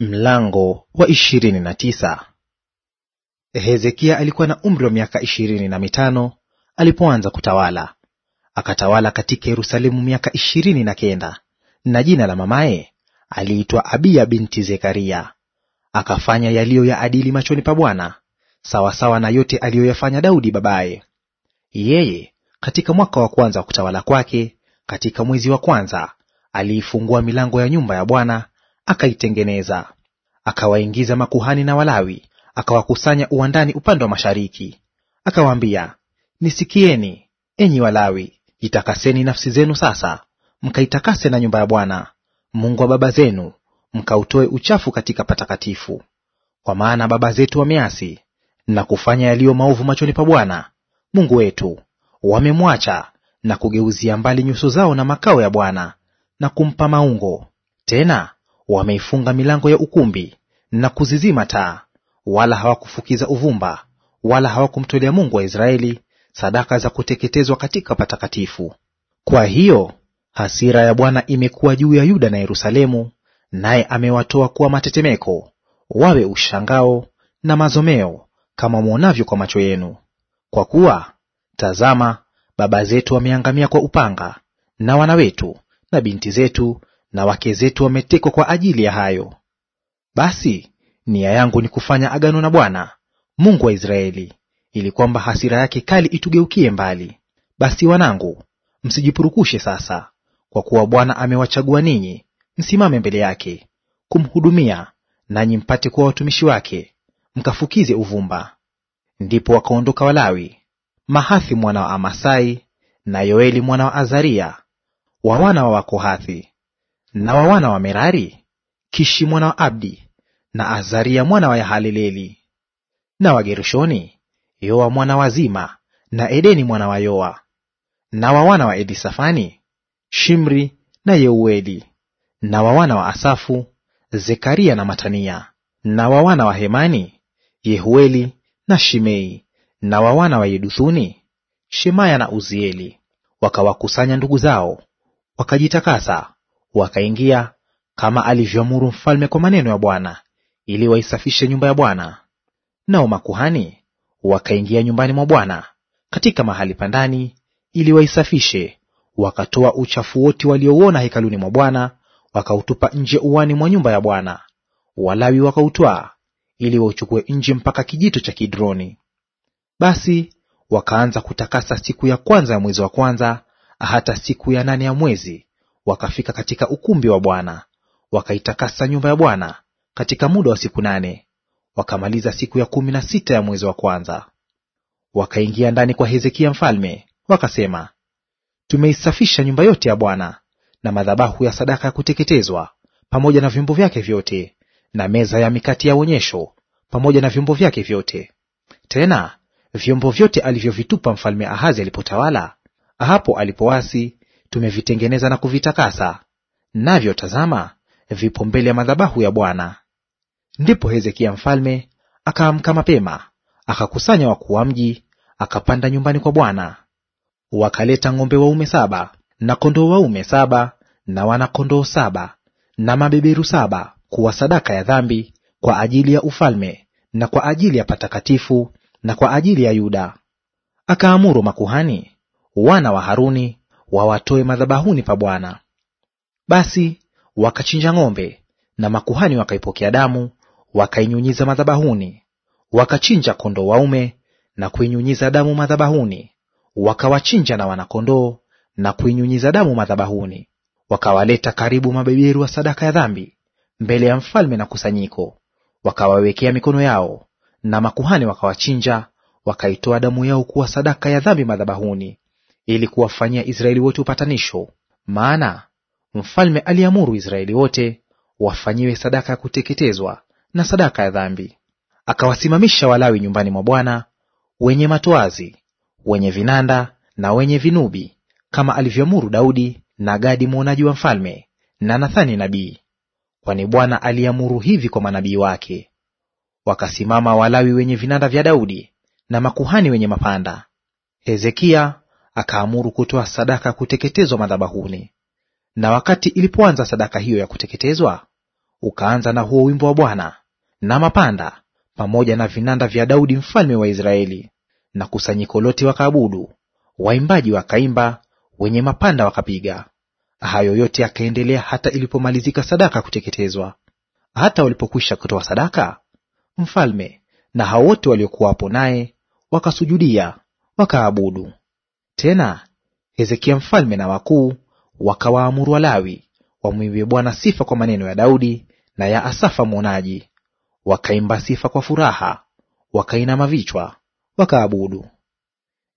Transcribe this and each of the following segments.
Mlango wa ishirini na tisa. Hezekia alikuwa na umri wa miaka ishirini na mitano alipoanza kutawala, akatawala katika Yerusalemu miaka ishirini na kenda. Na jina la mamaye aliitwa Abiya binti Zekaria. Akafanya yaliyo ya adili machoni pa Bwana, sawasawa na yote aliyoyafanya Daudi babaye. Yeye katika mwaka wa kwanza wa kutawala kwake, katika mwezi wa kwanza, aliifungua milango ya nyumba ya Bwana akaitengeneza. Akawaingiza makuhani na Walawi, akawakusanya uwandani upande wa mashariki. Akawaambia, nisikieni enyi Walawi, jitakaseni nafsi zenu sasa, mkaitakase na nyumba ya Bwana Mungu wa baba zenu, mkautoe uchafu katika patakatifu. Kwa maana baba zetu wameasi na kufanya yaliyo maovu machoni pa Bwana Mungu wetu, wamemwacha na kugeuzia mbali nyuso zao na makao ya Bwana na kumpa maungo. Tena Wameifunga milango ya ukumbi na kuzizima taa, wala hawakufukiza uvumba, wala hawakumtolea Mungu wa Israeli sadaka za kuteketezwa katika patakatifu. Kwa hiyo hasira ya Bwana imekuwa juu ya Yuda na Yerusalemu, naye amewatoa kuwa matetemeko, wawe ushangao na mazomeo, kama mwonavyo kwa macho yenu. Kwa kuwa tazama, baba zetu wameangamia kwa upanga, na wana wetu na binti zetu na wake zetu wametekwa kwa ajili ya hayo. Basi nia yangu ni kufanya agano na Bwana Mungu wa Israeli, ili kwamba hasira yake kali itugeukie mbali. Basi wanangu, msijipurukushe sasa, kwa kuwa Bwana amewachagua ninyi msimame mbele yake kumhudumia, nanyi mpate kuwa watumishi wake, mkafukize uvumba. Ndipo wakaondoka Walawi, Mahathi mwana wa Amasai na Yoeli mwana wa Azaria wa wana wa Wakohathi, na wa wana wa Merari, Kishi mwana wa Abdi na Azaria mwana wa Yahaleleli; na wa gerushoni Yoa mwana wa Zima na Edeni mwana wa Yoa; na wa wana wa Elisafani, Shimri na Yeueli; na wa wana wa Asafu, Zekaria na Matania; na wa wana wa Hemani, Yehueli na Shimei; na wa wana wa Yeduthuni, Shemaya na Uzieli. Wakawakusanya ndugu zao, wakajitakasa Wakaingia kama alivyoamuru mfalme kwa maneno ya Bwana, ili waisafishe nyumba ya Bwana. Nao makuhani wakaingia nyumbani mwa Bwana katika mahali pa ndani, ili waisafishe, wakatoa uchafu wote waliouona hekaluni mwa Bwana, wakautupa nje uwani mwa nyumba ya Bwana. Walawi wakautwaa ili wauchukue nje mpaka kijito cha Kidroni. Basi wakaanza kutakasa siku ya kwanza ya mwezi wa kwanza hata siku ya nane ya mwezi, wakafika katika ukumbi wa Bwana, wakaitakasa nyumba ya Bwana katika muda wa siku nane, wakamaliza siku ya kumi na sita ya mwezi wa kwanza. Wakaingia ndani kwa Hezekia mfalme, wakasema, tumeisafisha nyumba yote ya Bwana na madhabahu ya sadaka ya kuteketezwa pamoja na vyombo vyake vyote, na meza ya mikati ya onyesho pamoja na vyombo vyake vyote. Tena vyombo vyote alivyovitupa mfalme Ahazi alipotawala, hapo alipoasi tumevitengeneza na kuvitakasa, navyo tazama, vipo mbele ya madhabahu ya Bwana. Ndipo Hezekia mfalme akaamka mapema, akakusanya wakuu wa mji, akapanda nyumbani kwa Bwana. Wakaleta ng'ombe waume saba na kondoo waume saba na wanakondoo saba na mabeberu saba kuwa sadaka ya dhambi kwa ajili ya ufalme na kwa ajili ya patakatifu na kwa ajili ya Yuda. Akaamuru makuhani wana wa Haruni wawatoe madhabahuni pa Bwana. Basi wakachinja ng'ombe, na makuhani wakaipokea damu wakainyunyiza madhabahuni. Wakachinja kondoo waume na kuinyunyiza damu madhabahuni, wakawachinja na wanakondoo na kuinyunyiza damu madhabahuni. Wakawaleta karibu mabeberu wa sadaka ya dhambi mbele ya mfalme na kusanyiko, wakawawekea mikono yao, na makuhani wakawachinja, wakaitoa damu yao kuwa sadaka ya dhambi madhabahuni ili kuwafanyia Israeli wote upatanisho, maana mfalme aliamuru Israeli wote wafanyiwe sadaka ya kuteketezwa na sadaka ya dhambi. Akawasimamisha Walawi nyumbani mwa Bwana, wenye matoazi, wenye vinanda na wenye vinubi, kama alivyoamuru Daudi na Gadi mwonaji wa mfalme na Nathani nabii, kwani Bwana aliamuru hivi kwa manabii wake. Wakasimama Walawi wenye vinanda vya Daudi na makuhani wenye mapanda. Hezekia akaamuru kutoa sadaka ya kuteketezwa madhabahuni. Na wakati ilipoanza sadaka hiyo ya kuteketezwa, ukaanza na huo wimbo wa Bwana na mapanda pamoja na vinanda vya Daudi mfalme wa Israeli, na kusanyiko lote wakaabudu, waimbaji wakaimba, wenye mapanda wakapiga. Hayo yote yakaendelea hata ilipomalizika sadaka kuteketezwa. Hata walipokwisha kutoa sadaka, mfalme na hao wote waliokuwapo naye wakasujudia wakaabudu. Tena Hezekia mfalme na wakuu wakawaamuru Walawi wamwimbie Bwana sifa kwa maneno ya Daudi na ya asafa mwonaji. Wakaimba sifa kwa furaha, wakainama vichwa, wakaabudu.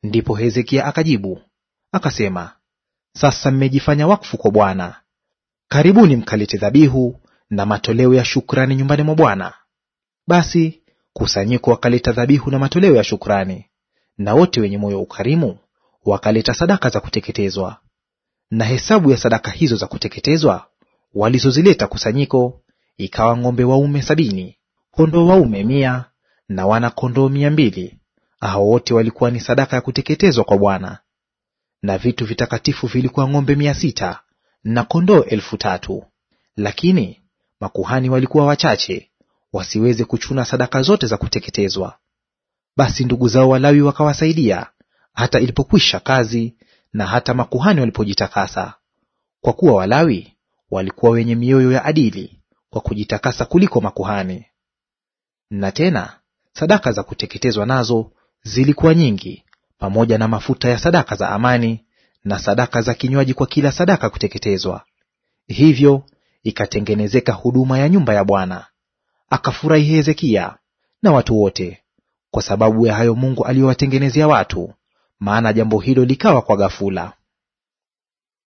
Ndipo Hezekia akajibu akasema, sasa mmejifanya wakfu kwa Bwana. Karibuni mkalete dhabihu na matoleo ya shukrani nyumbani mwa Bwana. Basi kusanyiko wakaleta dhabihu na matoleo ya shukrani, na wote wenye moyo wa ukarimu wakaleta sadaka za kuteketezwa. Na hesabu ya sadaka hizo za kuteketezwa walizozileta kusanyiko ikawa ng'ombe waume sabini, kondoo waume mia na wana kondoo mia mbili. Hao wote walikuwa ni sadaka ya kuteketezwa kwa Bwana. Na vitu vitakatifu vilikuwa ng'ombe mia sita na kondoo elfu tatu. Lakini makuhani walikuwa wachache, wasiweze kuchuna sadaka zote za kuteketezwa. Basi ndugu zao Walawi wakawasaidia hata ilipokwisha kazi na hata makuhani walipojitakasa. Kwa kuwa Walawi walikuwa wenye mioyo ya adili kwa kujitakasa kuliko makuhani. Na tena sadaka za kuteketezwa nazo zilikuwa nyingi, pamoja na mafuta ya sadaka za amani na sadaka za kinywaji kwa kila sadaka kuteketezwa. Hivyo ikatengenezeka huduma ya nyumba ya Bwana. Akafurahi Hezekia na watu wote kwa sababu ya hayo Mungu aliyowatengenezea watu, maana jambo hilo likawa kwa ghafula.